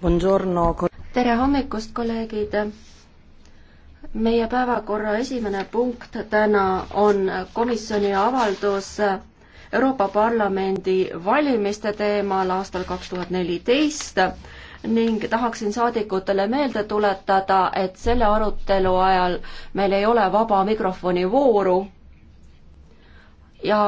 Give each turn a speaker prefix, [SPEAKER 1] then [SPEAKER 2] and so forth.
[SPEAKER 1] tere
[SPEAKER 2] hommikust, kolleegid! meie päevakorra esimene punkt täna on komisjoni avaldus Euroopa Parlamendi valimiste teemal aastal kaks tuhat neliteist ning tahaksin saadikutele meelde tuletada, et selle arutelu ajal meil ei ole vaba mikrofoni vooru
[SPEAKER 3] ja